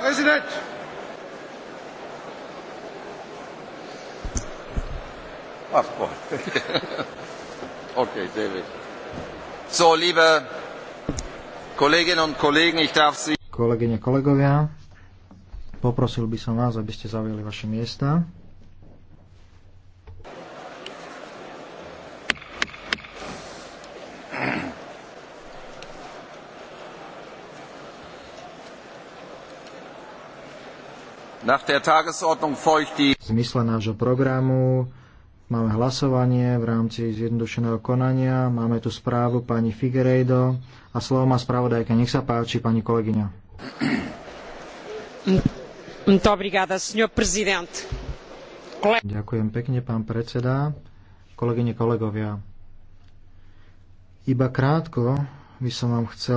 President. Ach, boah. okay, David. So, liebe Kolleginnen und Kollegen, ich darf Sie... Kolegyne, kolegovia, poprosil by som vás, aby ste zaujali vaše miesta. V zmysle nášho programu máme hlasovanie v rámci zjednodušeného konania, máme tu správu pani Figueiredo a slovo má spravodajka. Nech sa páči, pani kolegyňa. Ďakujem pekne, pán predseda. Kolegyne, kolegovia. Iba krátko by som vám chcel